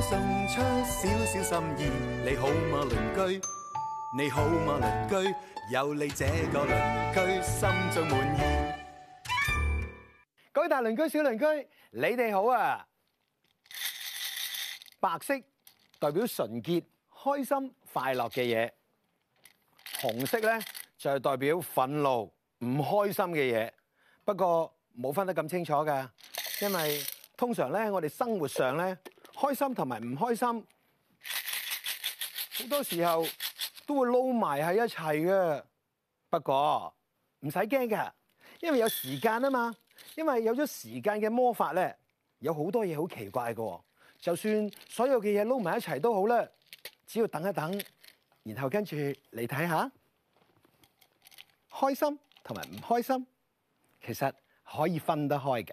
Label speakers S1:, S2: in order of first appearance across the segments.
S1: 送出少少心意，你好嗎鄰居？你好嗎鄰居？有你這個鄰居，心最滿意。各位大鄰居、小鄰居，你哋好啊！白色代表純潔、開心、快樂嘅嘢，紅色咧就係代表憤怒、唔開心嘅嘢。不過冇分得咁清楚噶，因為通常咧，我哋生活上咧。開心同埋唔開心，好多時候都會撈埋喺一齊嘅。不過唔使驚㗎，因為有時間啊嘛。因為有咗時間嘅魔法咧，有好多嘢好奇怪嘅。就算所有嘅嘢撈埋一齊都好啦，只要等一等，然後跟住你睇下，開心同埋唔開心，其實可以分得開嘅。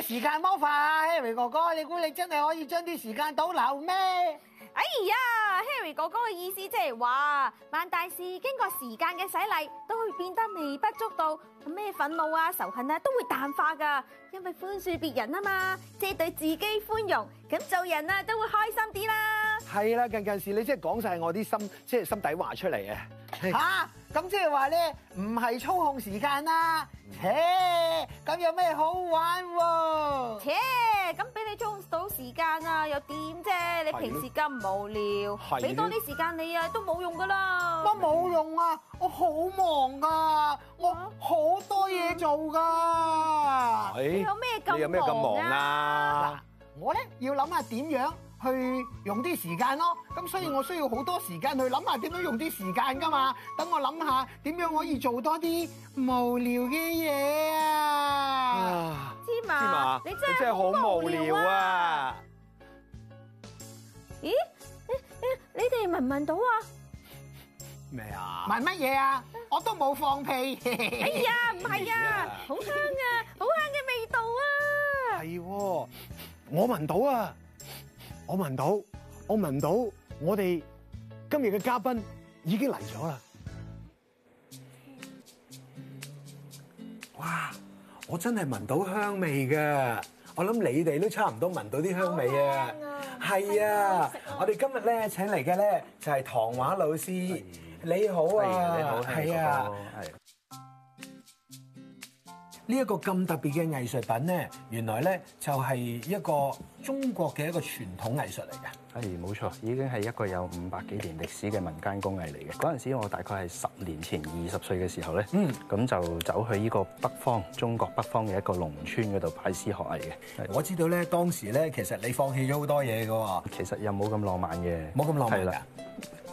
S1: 時間魔法啊，Harry 哥哥，你估你真係可以將啲時間倒流咩？哎呀，Harry 哥哥嘅意思即係話，萬大事經過時間嘅洗禮，都會變得微不足道，咩憤怒啊、仇恨啊，都會淡化噶。因為寬恕別人啊嘛，即係對自己寬容，咁做人啊都會開心啲啦。係啦，近近事你即係講晒我啲心，即係心底話出嚟嘅。啊、哎！咁即係話咧，唔係操控時間啦，切！咁有咩好玩喎？切！咁俾你操控到時間啊，又點啫？你平時咁無聊，俾多啲時間你啊，你都冇用噶啦。都冇用啊！我好忙噶，我好多嘢做噶。你有咩咁？有咩咁忙啊？嗱，我咧要諗下點樣去用啲時間咯，咁所以我需要好多時間去諗下點樣用啲時間㗎嘛。等我諗下點樣可以做多啲無聊嘅嘢啊！啊芝麻，你真係好無聊啊！
S2: 咦？你哋聞唔聞到啊？
S1: 咩啊？聞乜嘢啊？我都冇放屁。 哎呀，唔係啊，好、啊、香
S2: 啊，好香嘅味道啊！
S1: 係喎、哦，我聞到啊！我聞到，我聞到，我哋今日嘅嘉賓已經嚟咗啦！哇，我真係聞到香味㗎，我諗你哋都差唔多聞到啲香味啊！係啊，我哋今日咧請嚟嘅咧就係唐話老師，你好啊，你好，係啊。呢一個咁特別嘅藝術品咧，原來咧就係一個中國嘅一個傳統藝術嚟
S2: 嘅。係冇錯，已經係一個有五百幾年歷史嘅民間工藝嚟嘅。嗰陣時我大概係十年前二十歲嘅時候咧，咁、嗯、就走去呢個北方中國北方嘅一個農村嗰度拜師學藝嘅。我知道咧，當時咧其實你放棄咗好多嘢㗎喎。其實又冇咁浪漫嘅，冇咁浪漫嘅。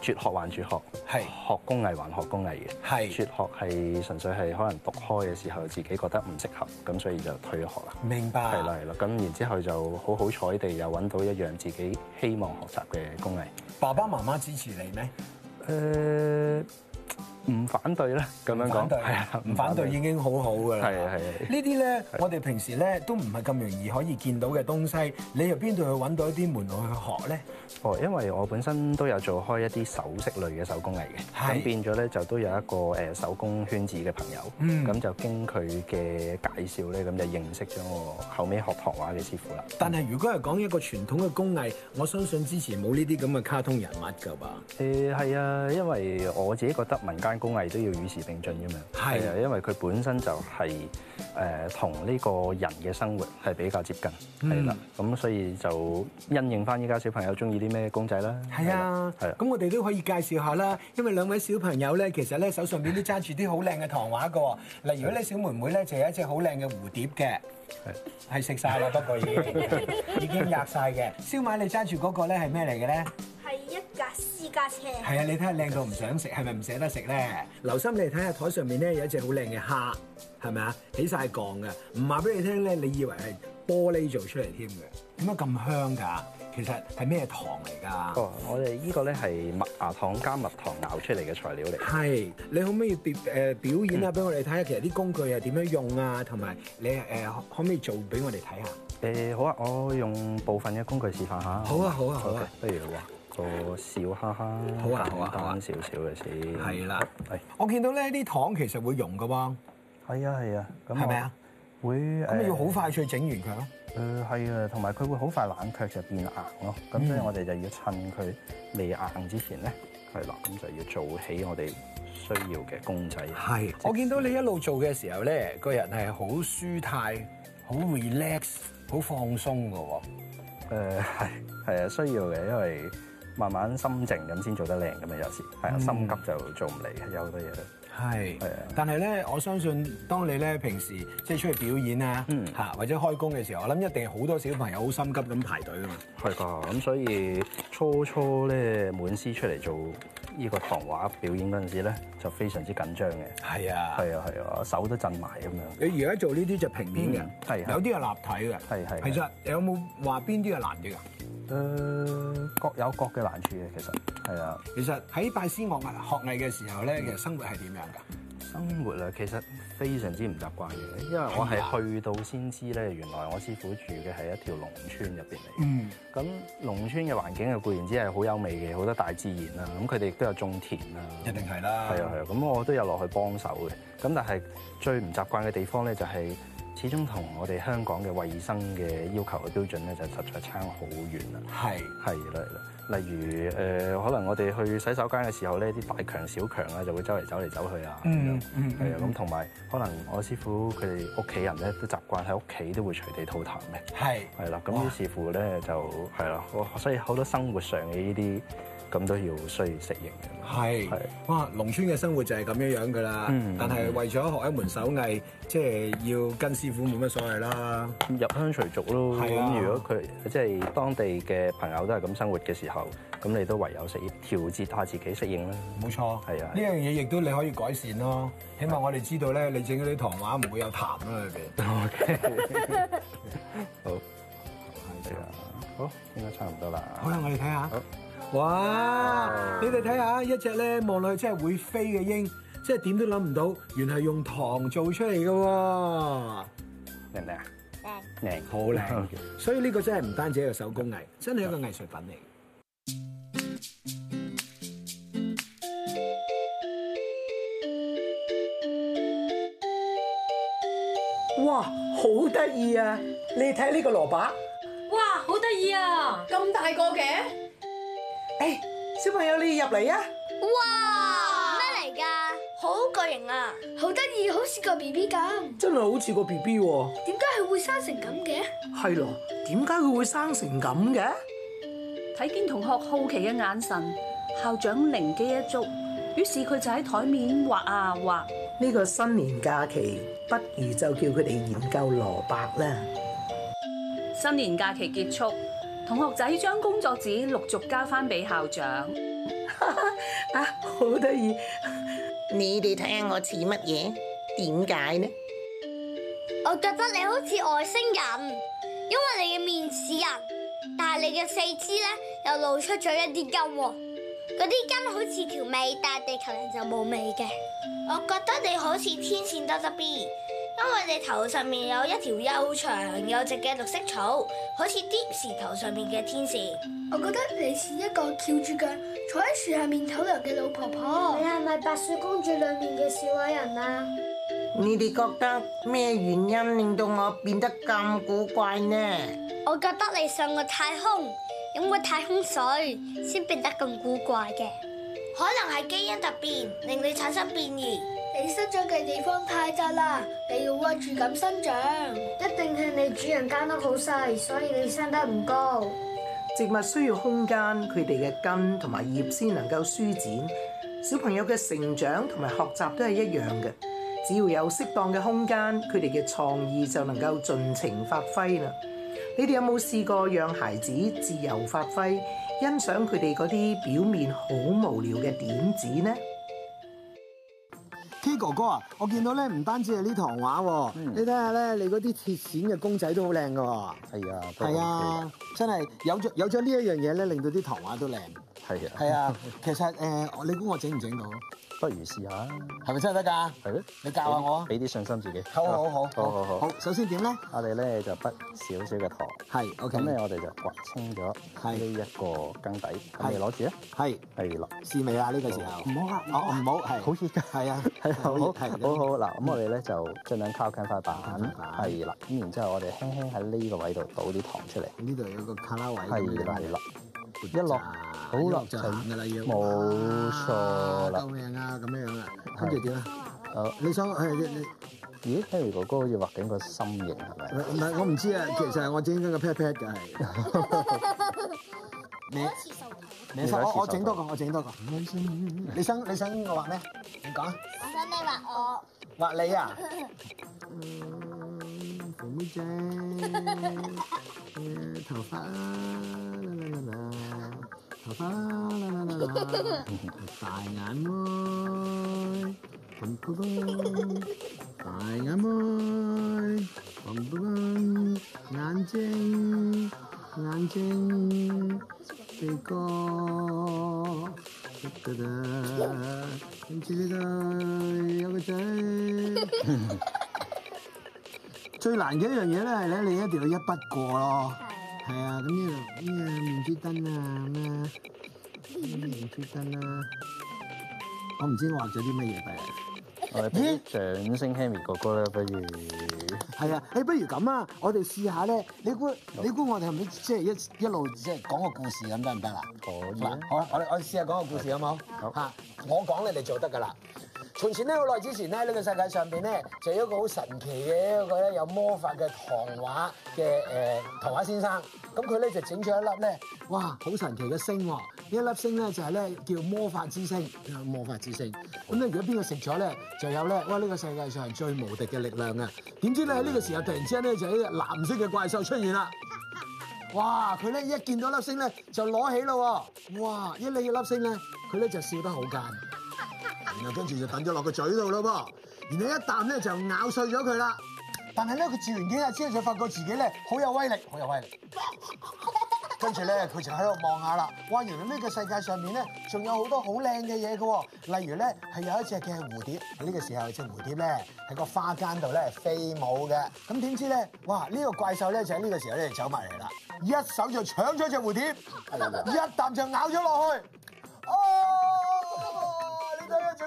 S2: 輟學還輟學，係是學工藝還學工藝嘅，是輟學係純粹係可能讀開嘅時候自己覺得唔適合，咁所以就退學啦。明白。係啦，係啦，咁然之後就好好彩地又揾到一樣自己希望學習嘅工藝。
S1: 爸爸媽媽支持你咩？誒、呃。唔反對啦，咁樣講。係啊，唔反對，唔反對已經好好噶啦。係啊，係啊。啊啊呢啲咧，
S2: 啊、我哋平時咧都唔係咁容易可以見到嘅東西。你由邊度去揾到一啲門路去學咧？哦，因為我本身都有做開一啲首飾類嘅手工藝嘅，咁、啊、變咗咧就都有一個誒、呃、手工圈子嘅朋友。咁、嗯、就經佢嘅介紹咧，咁就認識咗我後尾學畫畫嘅師傅啦。嗯、
S1: 但係如果係講一個傳統嘅工藝，我相信之前冇呢啲咁嘅卡通人物㗎吧？
S2: 誒係、呃、啊，因為我自己覺得民翻工藝都要與時並進咁樣，係啊，因為佢本身就係誒同呢個人嘅生活係比較接近，係啦，咁所以就因應翻依家小朋友中意啲咩公仔啦。係啊，咁我哋都可以介紹下啦。
S1: 因為兩位小朋友咧，其實咧手上面都揸住啲好靚嘅糖畫噶。嗱，如果咧小妹妹咧就有一隻好靚嘅蝴蝶嘅，係食曬啦，不過已經已經夾曬嘅。燒賣你揸住嗰個咧係咩嚟嘅咧？係一格。係啊，你睇下靚到唔想食，係咪唔捨得食咧？留心你哋睇下台上面咧，有一隻好靚嘅蝦，係咪啊？起晒鋼嘅，唔話俾你聽咧，你以為係玻璃做出嚟添嘅？點解咁香
S2: 噶？其實係咩糖嚟噶？哦？我哋呢個咧係麥芽糖加蜜糖熬出嚟嘅材料嚟。係，你可唔可以表誒
S1: 表演下俾我哋睇下？嗯、其實啲工具係點樣用啊？同埋你誒可唔可以做俾我哋睇下？
S2: 誒、呃，好啊，我用部分嘅工具示範下。好，好啊，好啊，好啊，okay, 不如你話、啊。個笑哈哈，下、啊，好啊好啊，乾少少嘅先，係啦，我見到呢啲糖其實會溶嘅喎。係啊係啊，咁係咪啊？嗎會咁咪要好快脆整完佢咯。誒係、呃、啊，同埋佢會好快冷卻就變硬咯。咁、嗯、所以我哋就要趁佢未硬之前咧，係啦、啊，咁就要做起我哋需要嘅公仔。係是，
S1: 使我見到你一路做嘅時候咧，個人
S2: 係好舒泰，好 relax，好放鬆嘅喎。誒係係啊，需要嘅，因為。慢慢心靜咁先做得靚咁啊！有時係啊，嗯、心急就做唔嚟嘅，有好多嘢。係係啊，
S1: 是的 但係咧，我相信當你咧平時即係出去表演啊，嚇、嗯、或者開工嘅時候，我諗一定好多小朋友好心急咁排隊啊
S2: 嘛。係噶，咁所以初初咧滿師出嚟做呢個糖畫表演嗰陣時咧，就非常之緊張嘅是的。係啊，係啊，係啊，手都震埋咁樣。你現在，你而家做呢啲就平面嘅，係有啲係立體嘅，係係。其實你
S1: 有冇話邊啲係難啲
S2: 啊？誒，各有各嘅難處嘅，其實係啊。其實喺拜師學藝學藝嘅時候咧，其實生活係點樣噶？生活啊，其實非常之唔習慣嘅，因為我係去到先知咧，原來我師傅住嘅係一條農村入邊嚟。嗯。咁農村嘅環境啊，固然之係好有味嘅，好多大自然啦，咁佢哋亦都有種田啊，一定係啦。係啊係啊，咁我都有落去幫手嘅。咁但係最唔習慣嘅地方咧，就係。始終同我哋香港嘅衛生嘅要求嘅標準咧，就實在差好遠啦。係係啦，例如誒、呃，可能我哋去洗手間嘅時候咧，啲大強小強啊，就會周圍走嚟走，走去啊。嗯嗯，係啊的，咁同埋可能我師傅佢哋屋企人咧，都習慣喺屋企都會隨地吐痰嘅。係係啦，咁於是乎咧，呢哇就係啦，所以好多生活上嘅呢啲。咁都要需要適應
S1: 嘅，係係哇！農村嘅生活就係咁樣樣噶啦，但係為咗學一門手藝，即係
S2: 要跟師傅冇乜所謂啦，入鄉隨俗咯。咁如果佢即係當地嘅朋友都係咁生活嘅時候，咁你都唯有適應，調節下自己適應啦。冇錯，係啊，
S1: 呢樣嘢亦都你可以改善咯。起碼我哋知道咧，你整嗰啲糖畫唔會有痰
S2: 啊裏邊。好，係啊，好，應該差唔多啦。好啦，我哋睇下。哇！你哋睇下，一隻咧
S1: 望落去真係會飛嘅鷹，即係點都諗唔到，原來係用糖做出嚟嘅喎，
S2: 靚唔靚啊？靚，靚，好靚。
S1: 所以呢個真係唔單止一個手工藝，真係一個藝術品嚟嘅。哇，好得意啊！你睇呢個蘿蔔，
S2: 哇，好得意啊！
S1: 咁大個嘅。誒，小朋友你入嚟啊！哇，咩嚟噶？好巨型啊，好得意，好似個 B B 咁。真係好似個 B B 喎。
S2: 點解佢會生成咁嘅？
S1: 係咯，點解佢會生成咁
S2: 嘅？睇見同學好奇嘅眼神，校長靈機一觸，於是佢就喺台面畫啊畫。
S1: 呢個新年假期，不如就叫佢哋研究蘿蔔啦。
S2: 新年假期結束。同學仔將工作紙陸續交翻俾校長，啊 趣，好得意！你哋睇下我似乜嘢？點解呢？
S1: 我覺得你好似外星人，因為你嘅面似人，但係你嘅四肢咧又露出咗一啲根喎，嗰啲根好似條尾，但係地球人就冇尾嘅。我覺得你好似天線得得 B。因為你頭上面有一條又長又直嘅綠色草，好似啲電視上面嘅天線。我覺得你是一個翹住腳坐喺樹下面唞涼嘅老婆婆。你係咪白雪公主裏面嘅小矮人啊？你哋覺得咩原因令到我變得咁古怪呢？我覺得你上個太空飲過太空水，先變得咁古怪嘅。可能係基因突變令你產生變異。你失咗嘅地方太窄啦，你要屈住咁生長。一定係你主人間都好細，所以你生得唔高。植物需要空間，佢哋嘅根同埋葉先能夠舒展。小朋友嘅成長同埋學習都係一樣嘅，只要有適當嘅空間，佢哋嘅創意就能夠盡情發揮啦。你哋有冇試過讓孩子自由發揮，欣賞佢哋嗰啲表面好無聊嘅點子呢？K 哥哥、嗯、看看啊，我見到咧唔單止係呢糖畫喎，你睇下咧，你嗰啲鐵線嘅公仔都好靚㗎喎。
S2: 係啊，係啊，
S1: 真係有咗有咗呢一樣嘢咧，令到啲糖畫都靚。
S2: 係是啊，
S1: 係啊，其實誒、 呃，你估我整唔整
S2: 到？不如試下，係咪真係得㗎？你教下我，俾啲信心自己。好好好好。好，首先點咧？我哋咧就筆少少嘅糖，係。咁咧我哋就刮清咗呢一個根底，係攞住啊，係係咯。試味啊？呢個時
S1: 候唔好啊，哦唔好，係好熱㗎，係啊，係好熱
S2: 㗎。好，好好嗱，咁我哋咧就盡量靠近塊板，係啦。咁然之後我哋輕輕喺呢個位度倒啲糖出嚟。呢度有個卡拉位，太係啦。一落，好落就停噶啦，要冇錯啦。救
S1: 命啊，咁樣樣啦。跟住
S2: 點啊？誒，你想係你？咦，Henry 哥哥好似畫緊個心形，
S1: 係咪？唔係，我唔知啊。其實係我整緊個 pat pat 㗎，係。你一次受唔
S2: 到？其實我我整多
S1: 個，我整多個。你想你想我畫咩？你講啊。我想你畫我。畫你啊？嗯，冇精。頭髮。爸爸啦啦啦！再 大眼妹不哭咯！再大眼妹不哭咯！眼睛，眼睛，鼻哥，鼻哥啦！你知道有個仔，最難嘅一樣嘢咧，係咧，你一定要一筆過咯。係啊，咁呢度
S2: 啲啊明珠燈啊，咩明珠燈啊，我唔知畫咗啲乜嘢嘅。我哋鼓掌聲，Henry 哥哥咧，不如，係啊，
S1: 你不如咁啊，我哋試下咧，
S2: 你估行你估我哋係咪即係一一路
S1: 即係講個故事咁得唔得啦？可以。啊。好啦，我我試下講個故事好唔好？好。我講對好你哋做得㗎啦。從前咧，好耐之前咧，呢個世界上邊咧就有一個好神奇嘅一個咧有魔法嘅糖畫嘅誒唐畫先生，咁佢咧就整咗一粒咧，哇好神奇嘅星，一粒星咧就係咧叫魔法之星，魔法之星。咁咧如果邊個食咗咧就有咧哇呢個世界上係最無敵嘅力量嘅。點知咧喺呢個時候突然之間咧就有一隻藍色嘅怪獸出現啦，哇佢咧一見到粒星咧就攞起啦喎，哇一嚟要粒星咧佢咧就笑得好奸。又跟住就揼咗落個嘴度咯噃，然後一啖咧就咬碎咗佢啦。但係咧，佢住完幾日之後，就發覺自己咧好有威力，好有威力。跟住咧，佢就喺度望下啦。哇！原來呢個世界上面咧，仲有好多好靚嘅嘢嘅喎。例如咧，係有一隻嘅蝴蝶。呢個時候，隻蝴蝶咧喺個花間度咧飛舞嘅。咁點知咧，哇！呢、這個怪獸咧就喺呢個時候咧走埋嚟啦，一手就搶咗隻蝴蝶， 一啖就咬咗落去。哦！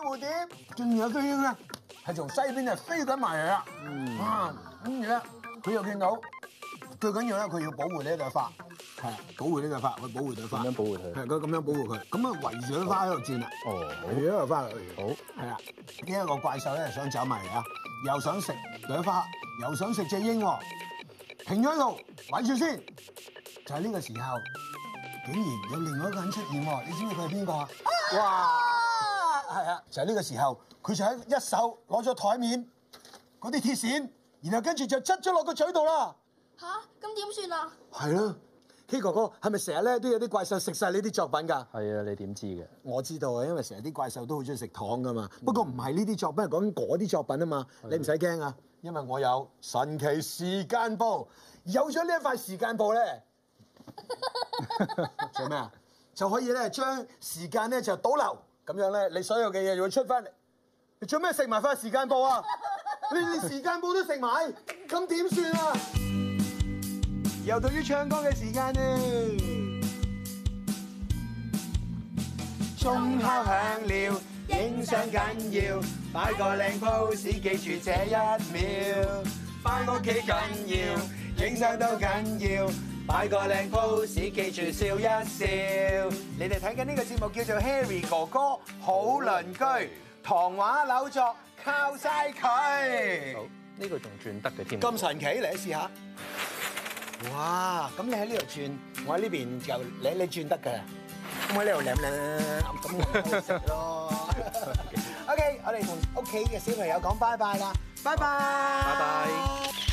S1: 蝴蝶仲有隻鷹咧，係從西邊啊飛緊埋嚟啦。嗯，嗯，嗯，咧佢又見到最緊要咧，佢要保護呢一朵花，係保護呢朵花去保護朵花。點樣保護佢？係佢咁樣保護佢，咁啊圍住朵花喺度轉啊。哦，圍住花好。係啊，呢一個怪獸咧想走埋嚟啊，又想食朵花，又想食隻鷹。停咗喺度，穩住先。就喺、是、呢個時候，竟然有另外一個人出現。你知唔知佢係邊個？哇！係啊，就喺、是、呢個時候，佢就喺一手攞咗台面嗰啲鐵線，然後跟住就塞咗落個嘴度啦。
S2: 吓，
S1: 咁點算啊？係啦、啊、，K 哥哥係咪成日咧都有啲怪獸食晒你啲作品噶？係啊，你點知嘅？我知道啊，因為成日啲怪獸都好中意食糖噶嘛。不過唔係呢啲作品，係講緊嗰啲作品啊嘛。的你唔使驚啊，因為我有神奇時間簿，有咗呢一塊時間簿咧，做咩啊？就可以咧將時間咧就倒流。咁樣咧，你所有嘅嘢要出翻嚟，你做咩食埋返時間煲啊？你連時間煲都食埋，咁點算啊？又到要唱歌嘅時間啦！鐘敲響了，影相緊要，擺個靚 pose，記住這一秒，翻屋企緊要，影相都緊要。擺個靚 pose，記住笑一笑。你哋睇緊呢個節目叫做 Harry 哥哥好鄰居，糖畫扭作靠晒佢。好，呢個仲轉得嘅添。咁神奇，嚟試下。哇！咁你喺呢度轉，我喺呢邊就你你轉得嘅。我喺呢度扭扭，咁我開心咯。OK，我哋同屋企嘅小朋友講拜拜啦，拜拜。拜拜。